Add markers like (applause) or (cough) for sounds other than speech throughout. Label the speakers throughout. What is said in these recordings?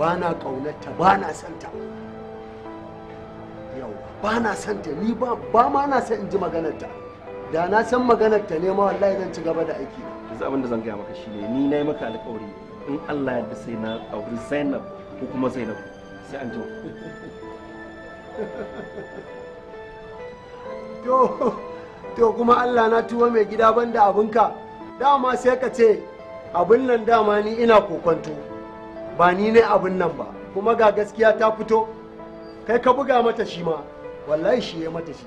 Speaker 1: ba na ƙaunarta ba na santa yau ba na santa ni ba ma na san in ji maganarta da na san maganarta ne ma wallahi zan ci gaba da aiki
Speaker 2: yanzu abin da zan gaya maka shine ni na yi maka alƙawari in Allah ya sai na auri Zainab ko kuma Zainab sai an to (laughs)
Speaker 1: to to kuma Allah na tuwo mai gida banda abinka dama sai ka ce abin nan dama ni ina kokonto ba ni ne abin nan ba kuma ga gaskiya ta fito kai ka buga mata shi ma wallahi shi ya mata shi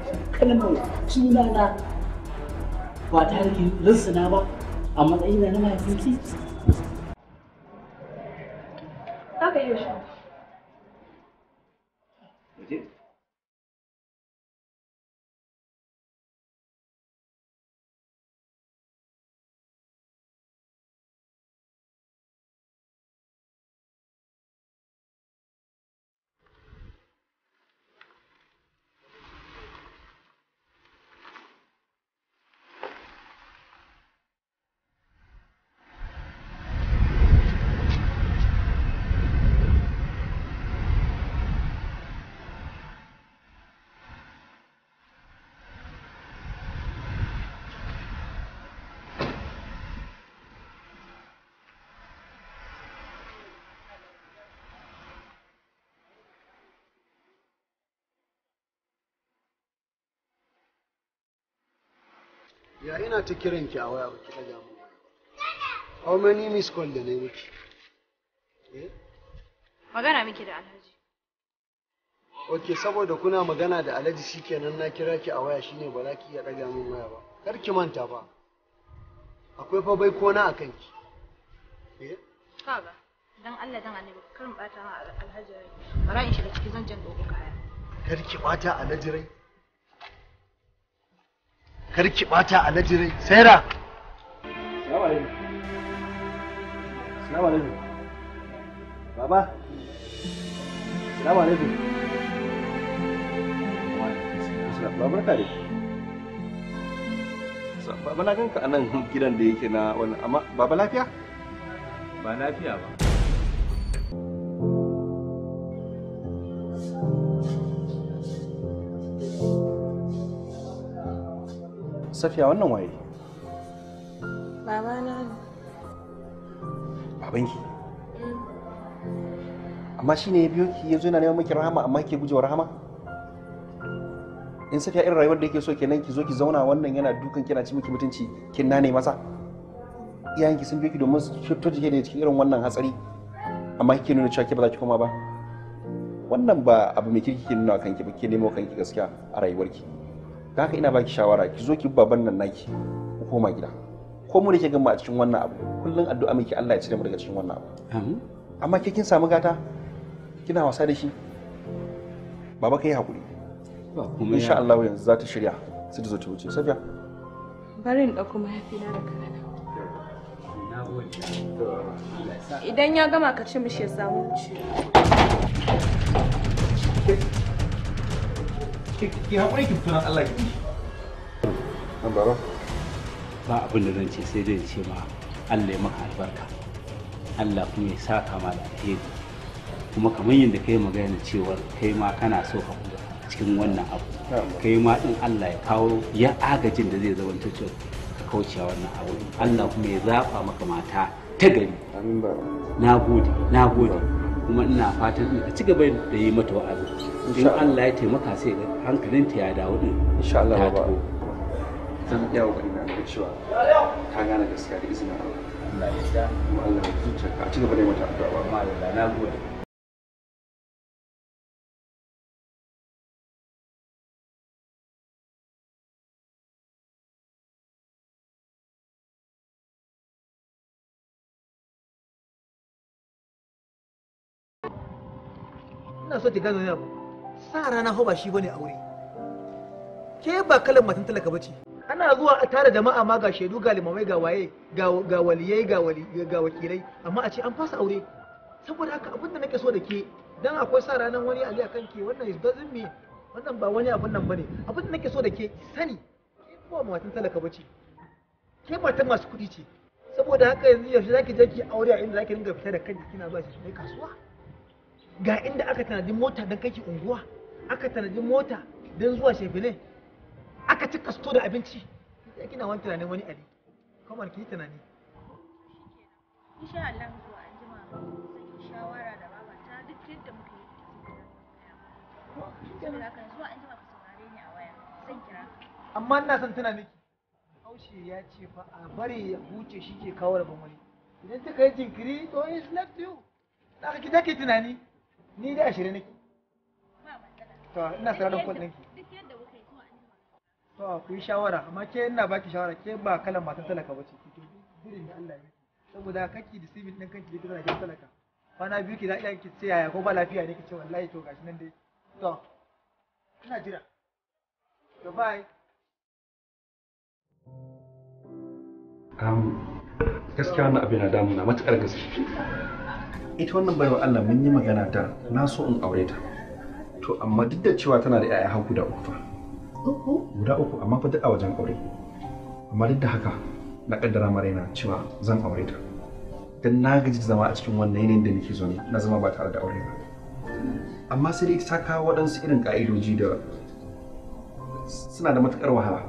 Speaker 3: kalmar suna na ba ta rinsuna ba a da na mahaifinki
Speaker 1: Ya ina ta kiran ki a waya ba ki daga mu. How many miss call da na miki? Eh?
Speaker 4: Magana miki da Alhaji.
Speaker 1: Ok, saboda kuna magana da Alhaji shikenan na kira ki a waya shine ba za ki iya daga min waya ba. Kar ki manta ba. Akwai fa bai kona a kanki. Eh?
Speaker 4: Kaga, dan Allah dan Annabi karin bata ma Alhaji rai. Bara in shiga cikin zanjan dogo kaya.
Speaker 1: Kar ki bata Alhaji rai. kar ki bata alaji rai saira
Speaker 2: salamu alaikum salamu alaikum baba salamu alaikum barka dai baba na ganka a nan gidan da yake na wani amma baba lafiya ba lafiya ba safiya wannan waye
Speaker 3: babana ne
Speaker 2: babanki eh. amma shi ne ya biyo ki yanzu yana neman miki rahama amma ke gujewa rahama in safiya irin rayuwar da yake so kenan ki zo ki zauna wannan yana dukan kina ci miki mutunci kin nane masa iyayenki sun biyo ki domin fito jike ne cikin irin wannan hatsari amma kike nuna cewa ke ba za ki koma ba wannan ba abu mai kirki ke nuna kanki ba ke nemo kanki gaskiya a rayuwarki da haka ina baki shawara ki zo ki baban nan naki ku koma gida ko mu da ke gama a cikin wannan abu kullum addu'a miki Allah ya cire mu daga cikin wannan abu amma ke kin samu gata kina wasa da shi baba kai hakuri insha Allah yanzu za ta shirya sai ta zo ta wuce safiya
Speaker 3: bari in dauko mahaifina da kana idan ya gama ka ce mishi ya samu ciwo ki haƙuri ki fito nan Allah Nan Ba abin da zan ce sai dai
Speaker 1: ce ma Allah ya maka albarka. Allah kuma ya saka ma da alheri. Kuma kamar yadda kai magana cewa kai ma kana so ka cikin wannan abu. Kai ma din Allah ya kawo ya agajin da zai zama cewa ka kaucewa wannan abu. Allah kuma ya zafa maka mata ta gari. Na gode, na gode. Kuma ina fatan ka ci gaba da yi mata wa'azi. in Allah ya taimaka sai ga ya
Speaker 2: dawo din insha Allah ba zan iya da cewa ta gane gaskiya da izinin Allah Allah ya kuma ka a ci gaba da mata addu'a ba na gode
Speaker 5: ina so ki gano sa rana ho ba shi bane aure
Speaker 6: ke ba kalan matan talaka bace ana zuwa a tare jama'a ma ga shaidu ga limamai ga waye ga waliyai ga wakilai amma a ce an fasa aure saboda haka abinda nake so da ke dan akwai sa ranar wani ali akan ke wannan is doesn't mean wannan ba wani abun nan bane abinda nake so da ke sani ke ba matan talaka bace ke matan masu kuɗi ce saboda haka yanzu yaushe zaki je ki aure a inda zaki dinga fita da kanki kina zuwa shi kasuwa ga inda aka tanadi mota dan kai ki unguwa aka tanadi mota don zuwa shebile aka cika sto da abinci ya kina wani tunanin wani ali kamar ki tunani amma ina son tuna miki haushe ya ce fa a bari ya huce shi ke kawo rabon wani idan kika yi jinkiri to is left you da ka ki tunani ni da ashirin nake to ina sauraron kwal ɗinki to ku yi shawara amma ke ina baki shawara ke ba kalan matan talaka ba ce ki to birin da Allah ya yi saboda kaki da sibin ɗin kanki da kina talaka kwana biyu ki za iya ki ce yaya ko ba lafiya ne ki ce wallahi to gashi nan dai to ina jira to bye
Speaker 2: um, gaskiya wannan abin na damuna matukar gaske ita wannan baiwa Allah mun yi magana ta na so in aure ta to amma duk da cewa tana da 'ya'ya har guda uku fa guda uku amma fa duk a wajen aure amma duk da haka na kaddara ma raina cewa zan aure ta dan na gaji zama a cikin wannan yanayin da nake zaune na zama ba tare da aure ba amma sai dai ta kawo waɗansu irin ƙa'idoji da suna da matuƙar wahala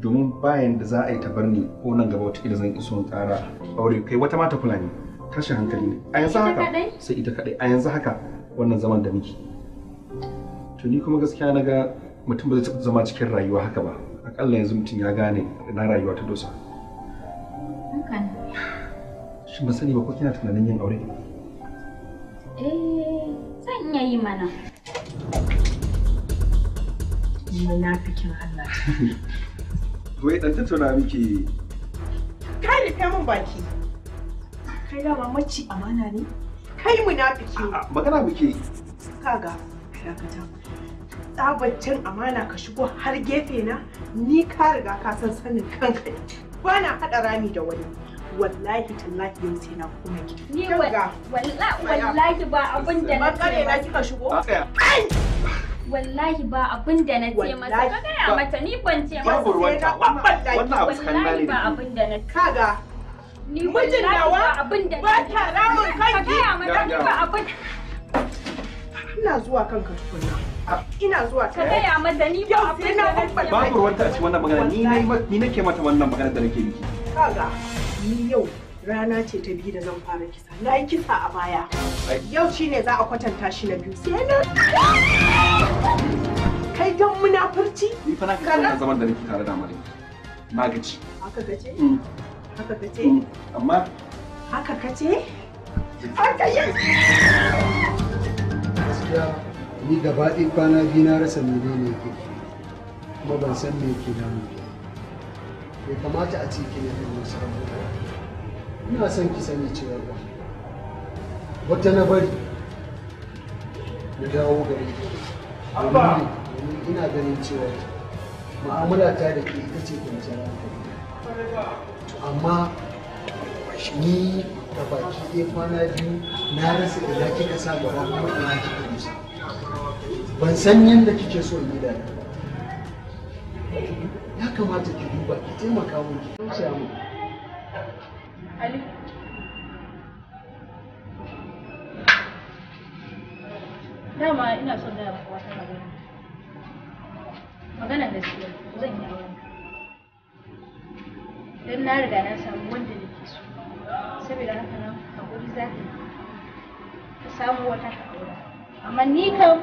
Speaker 2: domin bayan da za a yi ta bar ni ko nan gaba wata zan iso in ƙara aure kai wata mata kula ne tashin hankali ne a yanzu haka sai ita kaɗai a yanzu haka wannan zaman da muke to ni kuma gaskiya na ga mutum ba zai zama cikin rayuwa haka ba akalla yanzu mutum ya gane na rayuwa ta dosa shi ba sani ba ko kina tunanin yin aure
Speaker 3: eh zan iya yi mana munafikin Allah
Speaker 2: (laughs) wai dan tattauna miki
Speaker 3: ka kai mun baki kai dama mace amana ne kai munafiki magana muke kaga dakata tsabaccen amana ka shigo har gefe na ni ka riga ka san sanin kanka bana hada rami da wani wallahi tallahi yau sai na koma ki. ni wallahi ba abin da na ce na kika shigo wallahi ba abin da na ce masa ka gaya mata ni ban ce masa sai na wallahi ba abin da na kaga ni wallahi ba da ba ta ramin kanki ka gaya mata ba abin ina zuwa kanka tukunna ina zuwa ta gaya mata ni ba abin da nake babu ruwanta
Speaker 2: a cikin wannan magana ni ne ni nake mata wannan magana da nake miki
Speaker 3: kaga ni yau rana ce ta biyu da zan fara kisa na yi kisa a baya yau shine za a kwatanta shi na biyu sai na kai dan munafurci
Speaker 2: ni fa na kana zaman da nake tare da mare na gaci
Speaker 3: haka gace mm. haka gace mm. amma haka kace haka yi gaskiya
Speaker 1: ni gaba ɗin kwana biyu na rasa mene ne ke kuma ban san me ke damu bai kamata a ciki na irin wasu abubuwa ina son ki sani cewa ba wata na bari na dawo gari domin ina ganin cewa ma'amala ta da ke ita ce kwanciyar hankali amma ni da baki ɗin kwana biyu na rasa za ki sa gaba kuma ina kika nisa ban san yadda kike so ni da ya kamata ki duba ki taimaka mun ki tausaya mu Ali
Speaker 4: dama ina son da maka wata magana magana gaskiya zan yi auren Dan na riga na samu wanda nake so saboda haka nan hakuri za ka samu wata ka amma ni kam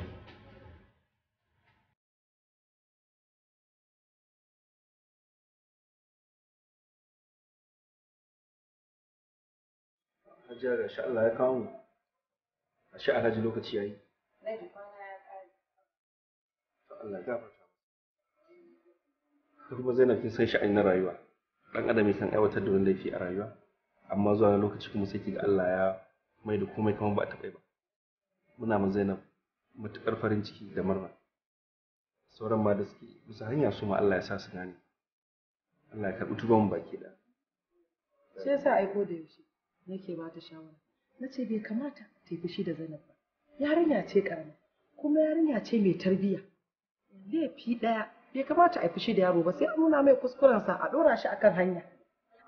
Speaker 2: Hajiya ga shi Allah ya kawo mu. A shi alhaji lokaci ya yi.
Speaker 4: Alhaji kwana ya kare. To
Speaker 2: Allah ya gafarta. Kuma Zainab kin san sha'ani na rayuwa. Dan adam yakan aiwatar da wani laifi a rayuwa. Amma zuwa na lokaci kuma sai kiga Allah ya mai da komai kamar ba a taɓa ba. Muna ma Zainab matuƙar farin ciki da murna. Sauran ma da suke bisa hanya su ma Allah ya sa su gane. Allah ya karɓi tuban baki ɗaya.
Speaker 3: Shi yasa aiko da yaushe. nake ba ta shawara na ce bai kamata ta yi fushi da zainab ba yarinya ce karama kuma yarinya ce mai tarbiyya laifi ɗaya bai kamata a yi fushi da yaro ba sai a nuna mai kuskurensa a ɗora shi akan hanya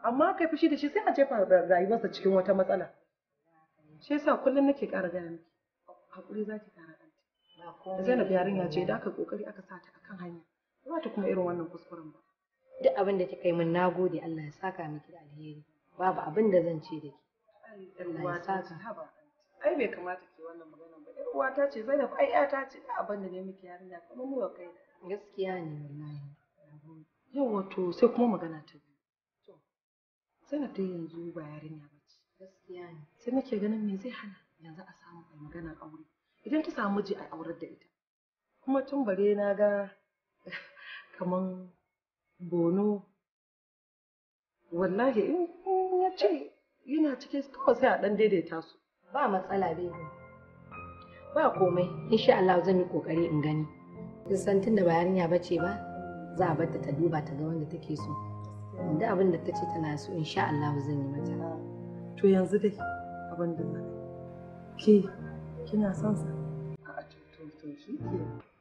Speaker 3: amma kai fushi da shi sai a jefa rayuwarsa cikin wata matsala shi yasa kullum nake ƙara gaya miki hakuri za ki ƙara ɗanta Zainab yarinya ce da aka kokari aka sa ta akan hanya
Speaker 4: ba ta kuma irin wannan kuskuren ba duk abin da kika yi min nagode Allah ya saka miki da alheri babu abin da zan ce da ke. Ai bai kamata ke wannan maganar ba. Yar uwa ta ce Zainab ai ya ta ce ba abin da ne miki yarinya kuma mu kai. Gaskiya ne wallahi. Yau wato sai kuma magana ta biyu. To Zainab dai yanzu ba yarinya ba ce. Gaskiya ne. Sai nake ganin me zai hana yanzu a samu a maganar aure. Idan ta samu miji a aurar da ita. Kuma tun bare na ga (laughs) kaman bono wallahi in ya ce yana cikin kawai sai a ɗan daidaita su ba matsala bebi ba komai insha Allah zan yi kokari in gani kin san tunda ba yarinya bace ba za a barta ta duba ta ga wanda take so da abin da tace tana so insha Allah zan yi mata to yanzu dai abin da ke kina son sa
Speaker 5: a to to shi ke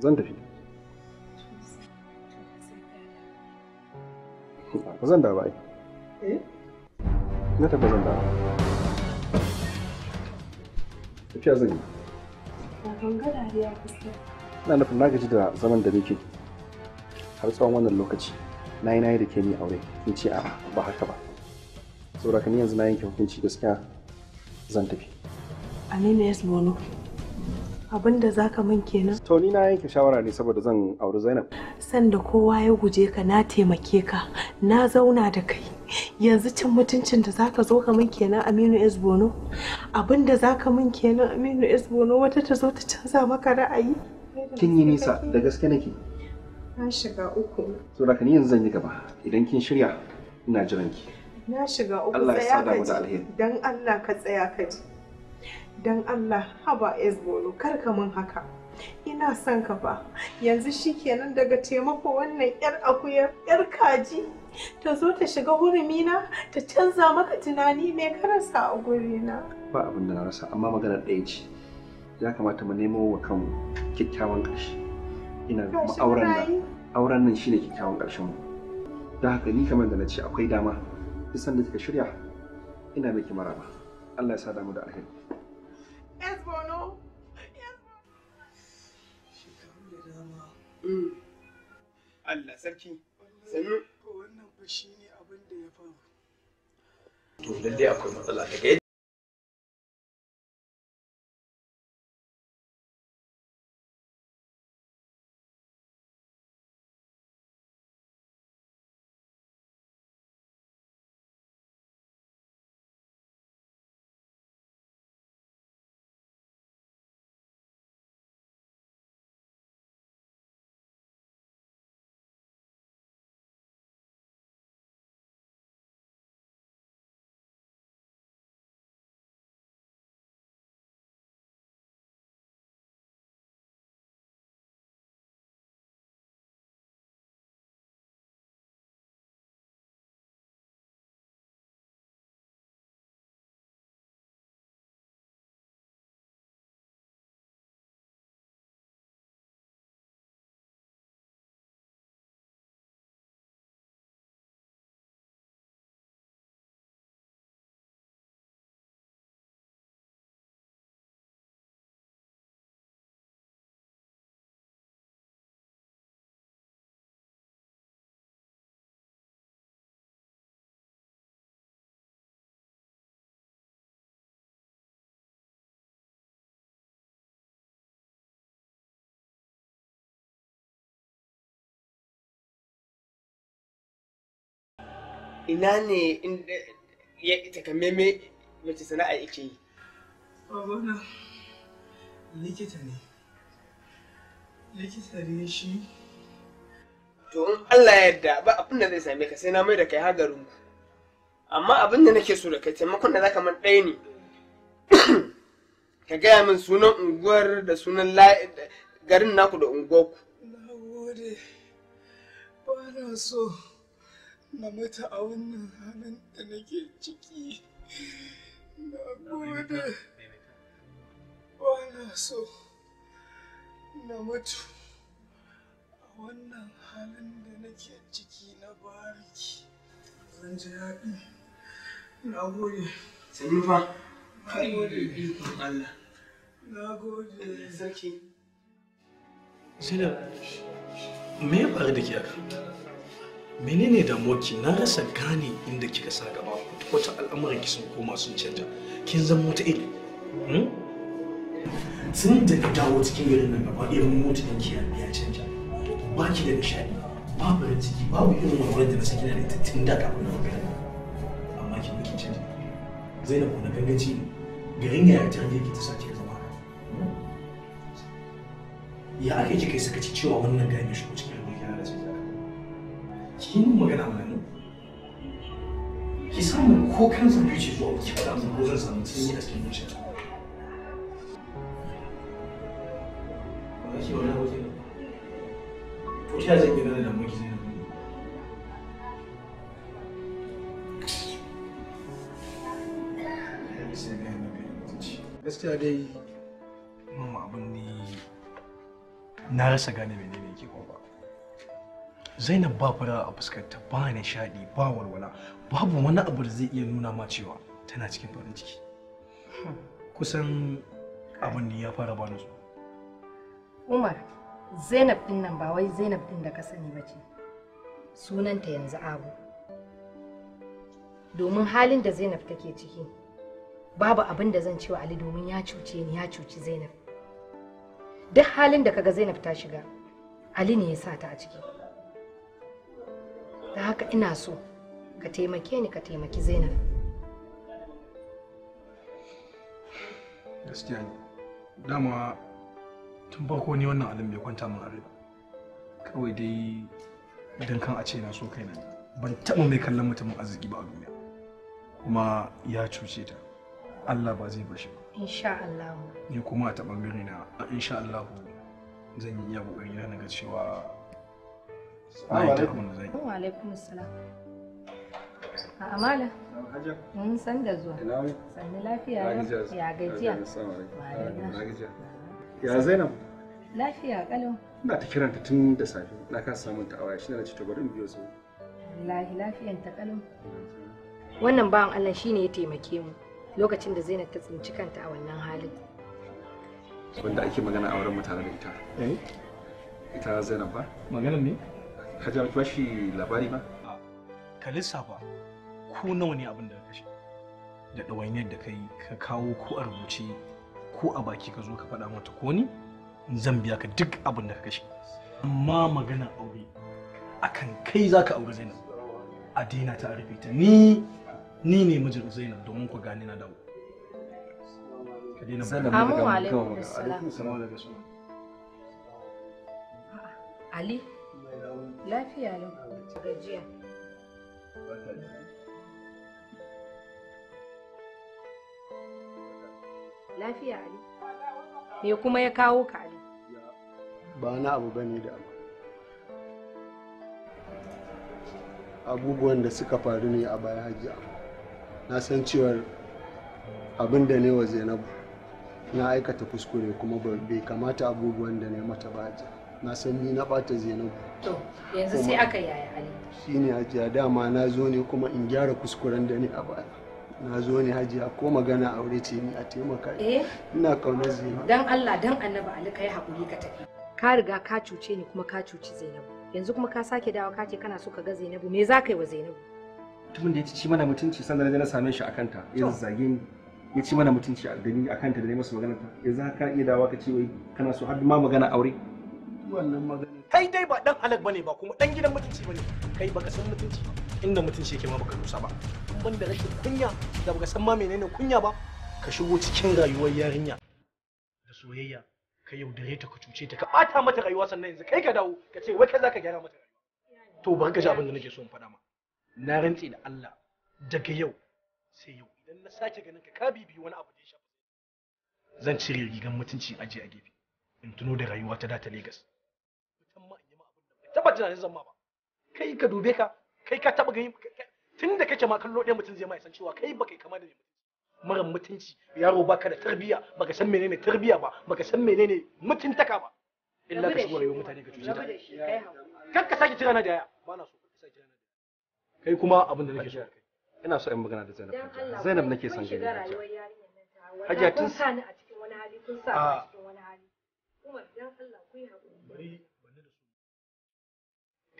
Speaker 5: zan tafi
Speaker 2: ba zan da ba Eh? na tafi zan da tafiya zan yi ina nufin na gaji da zaman da nake har tsawon wannan lokaci na yi na yi da ke ni aure in ce a ba haka ba saboda ka ni yanzu na yanke hukunci gaskiya zan tafi Aminu ya
Speaker 3: zuwa abin da zaka min kenan
Speaker 2: to ni na yanke shawara ne saboda zan auri
Speaker 3: Zainab sanda kowa ya guje ka na taimake ka na zauna da kai yanzu cin mutuncin da zaka zo ka min kenan Aminu S Bono abin da zaka min kenan Aminu S Bono wata ta zo ta canza maka ra'ayi
Speaker 2: kin yi nisa da gaske nake
Speaker 3: na shiga uku
Speaker 2: to da ni yanzu zan yi gaba idan kin shirya ina jiran ki
Speaker 3: na shiga uku Allah ya sa da dan Allah ka tsaya ka ji don Allah haba esbolo kar ka mun haka ina son ka fa yanzu shikenan daga taimako wannan yar akuyar yar kaji ta zo ta shiga hurumina ta canza maka tunani mai karasa a gurina
Speaker 2: ba abin da na rasa amma maganar ɗaya ce ya kamata mu nemo wa kan kyakkyawan ƙarshe ina kuma auren nan auren nan shine kyakkyawan ƙarshen mu don haka ni kamar da na ce akwai dama duk sanda kika shirya ina miki maraba Allah ya sa damu da alheri
Speaker 6: Allah sarki sannu wannan fa shine abin da ya faru
Speaker 5: to lalle akwai matsala daga ina ne inda ya takamaimai mace sana'a yake yi babana
Speaker 6: likita ne likita ne shi to in Allah ya yarda ba abin da zai same ka sai na mai da kai hagarin ku amma abin da nake so da kai taimakon da zaka man ɗaya ne (clears throat) ka gaya min sunan unguwar da sunan garin naku da unguwarku na gode
Speaker 3: ba so na mata a wannan halin da nake ciki na gode ba na so na mutu a wannan halin da nake ciki na bariki zan ji daɗi na gode
Speaker 2: sannu fa na gode ikon Allah
Speaker 6: na gode sarki
Speaker 5: Sila,
Speaker 7: me ya faru da ke menene damuwarki na rasa gane inda kika sa gaba wata al'amuran ki sun koma sun canja kin zama wata iri sun hmm? da ka dawo cikin garin nan gaba irin mota din ki ya canja ba ki da nishadi ba farin ciki babu irin walwalar da na saki na da ita tun da kafin na magana amma ki miki canja zainab na gangaci ne garin ya ta hanyar ki ta sace zama ya ake kika yi sakaci cewa wannan gani shi cikin 金我给他们，第三门可看上去其实我们基本上是不是什么职业的金钱。我希望我这个，不太认真的人，我今天。gaskiya dai mun abin ne na rasa gane menene zainab ba fara a fuskarta ba nishaɗi ba walwala babu wani abu da zai iya nuna ma cewa tana cikin farin ciki kusan abin da ya fara bani su
Speaker 4: umar zainab din nan ba wai zainab din da ka sani ba ce sunanta yanzu abu domin halin da zainab take ciki babu abin da zan cewa ali domin ya cuce ni ya cuci zainab duk halin da kaga zainab ta shiga ali ne ya sa ta a ciki da haka ina so ka taimake ni ka taimaki zainab
Speaker 7: gaskiya ne dama tun farko ni wannan alim bai kwanta min arewa kawai dai idan kan a ce na so kaina ban taɓa mai kallon mutumin arziki ba a duniya kuma ya cuce ta Allah ba zai bashi
Speaker 4: ba insha Allah
Speaker 7: ni kuma a taɓa na insha Allah zan yi iya ƙoƙari na ga cewa
Speaker 2: Wa
Speaker 4: alaikum A amala. Mun san da zuwa. Sanni lafiya ya gajiya. Ya Zainab. Lafiya kalau.
Speaker 2: Ina ta kiranta tun da safe. Na kasa samun ta awaya shine na ce ta bari in biyo su.
Speaker 4: Wallahi lafiyan ta kalau. Wannan bawan Allah shine ya taimake mu lokacin da Zainab ta tsinci kanta a wannan halin.
Speaker 2: Wanda ake magana a wurin mutane da ita. Eh? Ita Zainab ba? Maganar ne? ka ja ba shi labari ba
Speaker 7: ka lissafa ko nawa ne abin da ka kashe da ɗawainiyar da kai ka kawo ko a rubuce ko a baki ka zo ka faɗa mata ko ni zan biya ka duk abin da ka kashe amma magana aure akan kai za ka aure zainab a dina ta rufe ta ni ni ne mijin zainab domin ku gane na dawo ka daina ba
Speaker 4: Ali Lafiya lau. Gajiya. Lafiya Ali. Me kuma ya kawo ka Ali?
Speaker 1: Ba na abu bane da abu. Abubuwan da suka faru ne a baya hajiya. Na san cewar abin da ne wa Zainabu na aikata kuskure kuma bai kamata abubuwan da ne mata ba hajiya. na san ni na bata zainabu
Speaker 4: to yanzu sai aka yaya ali
Speaker 1: shine hajiya dama na zo ne kuma in gyara kuskuren da ni a baya na zo ne hajiya ko magana aure ce ni a taimaka eh? ina kaunar zainabu
Speaker 4: dan Allah dan annabi ali kai hakuri ka tafi ka riga ka cuce ni kuma ka cuci zainabu yanzu kuma ka sake dawo ka ce kana so ka ga zainabu me za ka yi wa zainabu
Speaker 2: mutumin da ya ci mana mutunci sannan da na same shi a kanta ya zage ni ya ci mana mutunci a gani a kanta da ne masa magana ta yanzu ka iya dawo ka ce wai kana so har ma magana aure
Speaker 1: wannan magana kai dai ba
Speaker 7: dan halak bane ba kuma dan gidan mutunci bane kai baka san mutunci ba inda mutunci yake ma baka rusa ba ban da rashin kunya da baka san ma menene kunya ba ka shigo cikin rayuwar yarinya da soyayya ka yaudare ta ka cuce ta ka bata mata rayuwa sannan yanzu kai ka dawo ka ce wai kai zaka gyara mata rayuwa to ban ka ji abin da nake so in faɗa ma na rantsi da Allah daga yau sai yau idan na sake ganin ka ka bibi wani abu da ya
Speaker 4: shafa
Speaker 7: zan cire rigan mutunci aje a gefe in tuno da rayuwa ta da ta Legas taba tunanin zan ma ba kai ka dube ka kai ka taba gani tun da kake ma kallo ɗaya mutum zai ma san cewa kai ba kai kama da mara mutunci yaro baka da tarbiya baka san menene tarbiya ba baka san menene mutuntaka ba illa ka shigo rayuwar mutane ka cuce ta kar ka sake tirana da yaya
Speaker 4: ba na so ka saki tirana
Speaker 7: da kai kuma abin da nake so ina so
Speaker 2: in magana da Zainab Zainab nake son gani
Speaker 4: Hajiya tun sa ni a cikin wani hali kun sa a cikin wani hali kuma dan Allah ku yi hakuri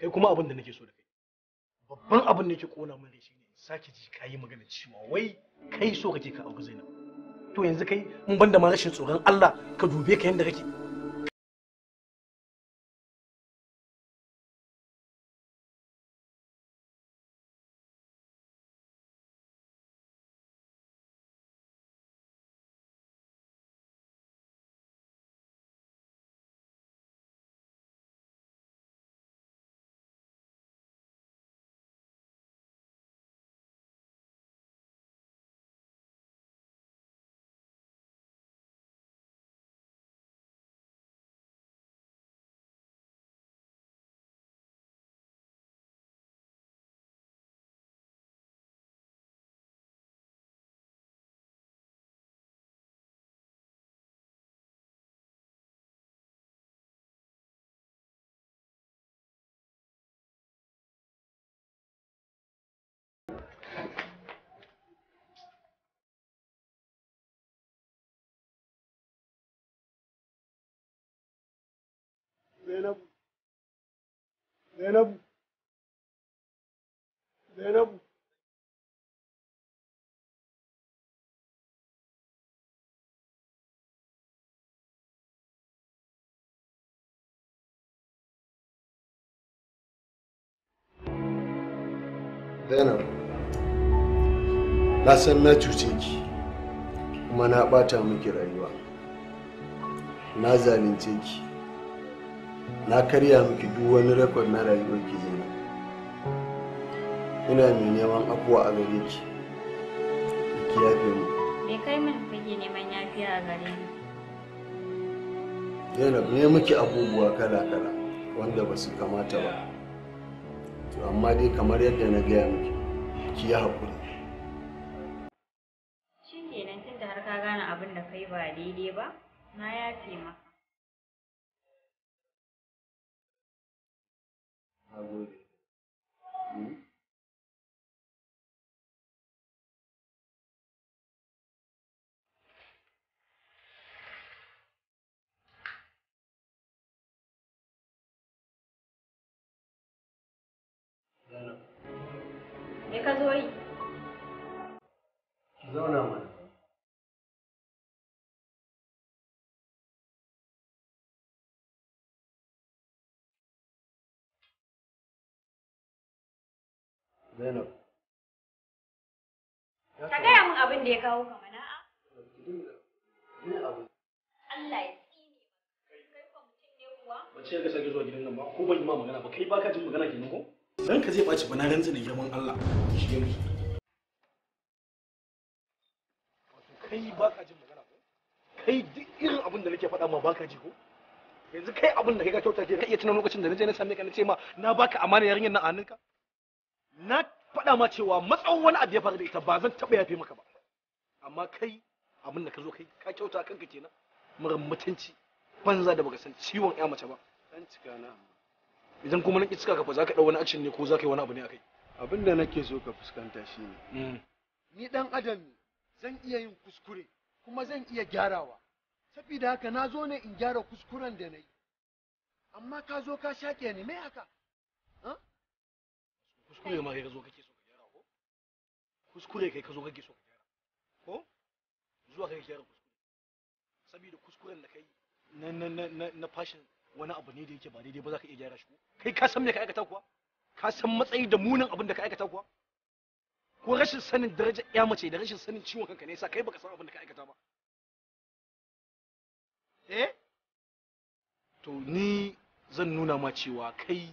Speaker 7: kai kuma abin da nake so da kai babban abin da yake kona min da shine sake ji kai magana cewa wai kai so kake ka auki Zainab to yanzu kai mun banda ma rashin tsoron
Speaker 5: Allah ka dube ka yanda kake Zainabu, Zainabu, Zainabu.
Speaker 1: Zainab, na san na cuce ki kuma na ɓata miki rayuwa, na zalunce ki. na karya miki duk wani rekod na rayuwar ki zai ina mai neman afuwa a gare ki ki yafe mu
Speaker 3: me kai min fage neman yafiya a gare ni
Speaker 1: Zainab ne miki abubuwa kala-kala wanda ba su kamata ba to amma dai kamar yadda na gaya miki ki yi haƙuri
Speaker 3: shi kenan tunda har ka gane abin da kai ba daidai ba
Speaker 4: na yafe
Speaker 5: maka ह g ँ बोलिए
Speaker 4: Me casou aí.
Speaker 5: Zainab. Ka
Speaker 7: gaya
Speaker 3: min abin da ya kawo ka mana. Allah ya tsine kai fa mutum ne kuwa. Wace ka sake zuwa
Speaker 7: gidan nan ba ko ban yi ma magana ba kai ba ka jin magana kenan ko? Dan ka zai ɓaci banaran rantsi da girman Allah. Shige mu. Kai ba ka jin magana ko? Kai duk irin abin da nake faɗa ma ba ka ji ko? Yanzu kai abin da kai ka kyauta ke ka iya tunan lokacin da na je na same ka na ce ma na baka amana yarinyar nan a hannunka? na faɗa ma cewa matsawon wani abu ya faru da ita ba zan taɓa yafe maka ba amma kai abin da ka zo kai ka kyauta kanka kenan murin mutunci banza da baka san ciwon ya mace ba dan cika na idan kuma nake cika ka fa zaka dau wani action ne ko zaka yi wani abu ne akai abin da nake so ka fuskanta shine mm.
Speaker 1: ni dan adam ne zan iya yin kuskure kuma zan iya gyarawa saboda haka na zo ne in gyara kuskuren da na yi amma ka zo ka shaƙe ni mai haka
Speaker 7: kuskure ma kai ka zo kake so ka gyara ko kuskure kai ka zo kake so ka gyara ko zuwa kai ka gyara kuskure saboda kuskuren da kai na na na na fashin wani abu ne da yake ba daidai ba za ka iya gyara shi kai ka san me ka aikata kuwa ka san matsayi da munin abin da ka aikata kuwa ko rashin sanin daraja ya mace da rashin sanin ciwon kanka ne yasa kai baka san abin da ka aikata ba eh to ni zan nuna ma cewa kai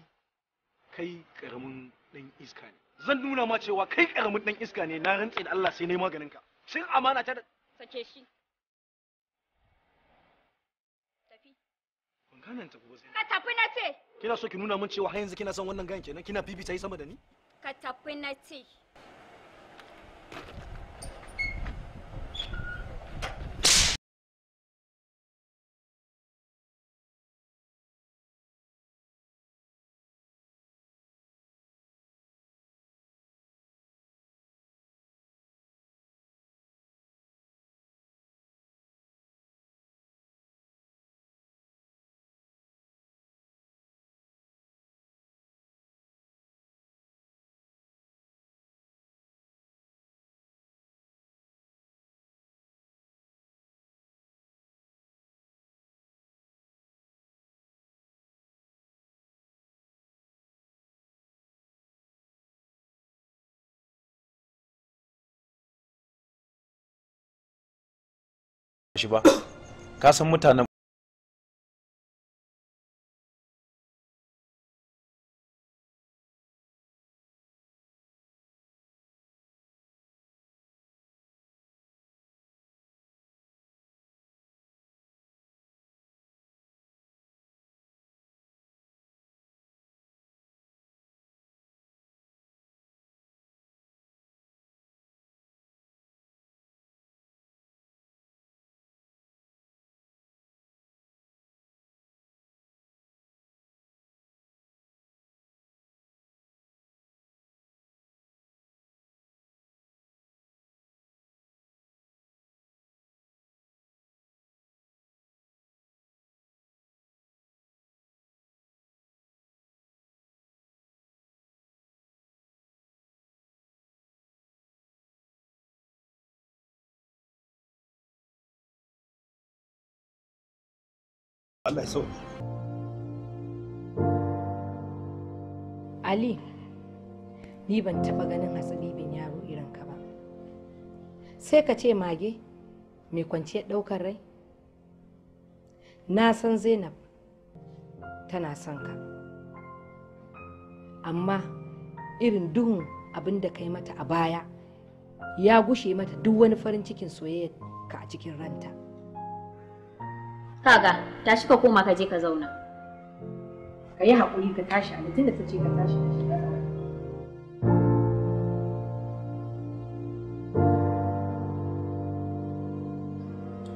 Speaker 7: kai karamin dan iska ne zan nuna ma cewa kai karamin dan iska ne na rantse da Allah sai nayi maganin ka shin amana ta da sake shi tafi ban gane ta gobe ka
Speaker 1: tafi na ce kina
Speaker 7: so ki nuna min cewa har yanzu kina son wannan gan kenan kina bibita yi sama da ni
Speaker 3: ka tafi na ce
Speaker 5: shi ba ka san mutanen
Speaker 2: Allah ya
Speaker 4: Ali, ni ban taɓa ganin bin yaro irin ka ba. Sai ka ce mage mai kwanciyar ɗaukar rai? Na san Zainab tana son ka. Amma irin duhun abin da ka yi mata a baya ya gushe mata duk wani farin cikin soyayya ka a cikin ranta. kaga tashi ka koma ka je ka zauna ka yi haƙuri ka tashi a mutum da ta ce ka tashi ka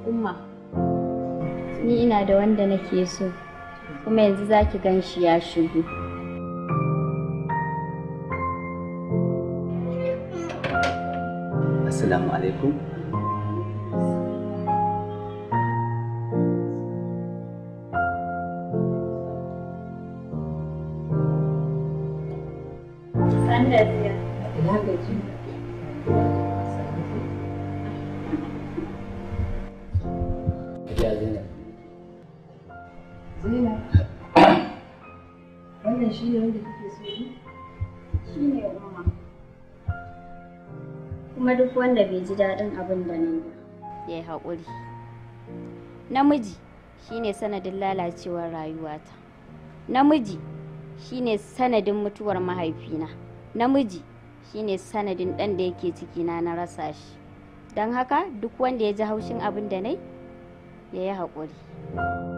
Speaker 4: umma
Speaker 3: ni ina da wanda nake so kuma yanzu za ki gan shi ya shigo
Speaker 6: Assalamu alaikum.
Speaker 3: wanda Kuma duk wanda bai ji daɗin abin da nan Ya yi haƙuri. Namiji shine sanadin lalacewar rayuwata. Namiji shine sanadin mutuwar mahaifina. namiji shine sanadin dan da yake cikina na rasa shi don haka duk wanda ya ji haushin abin da nai ya yi haƙuri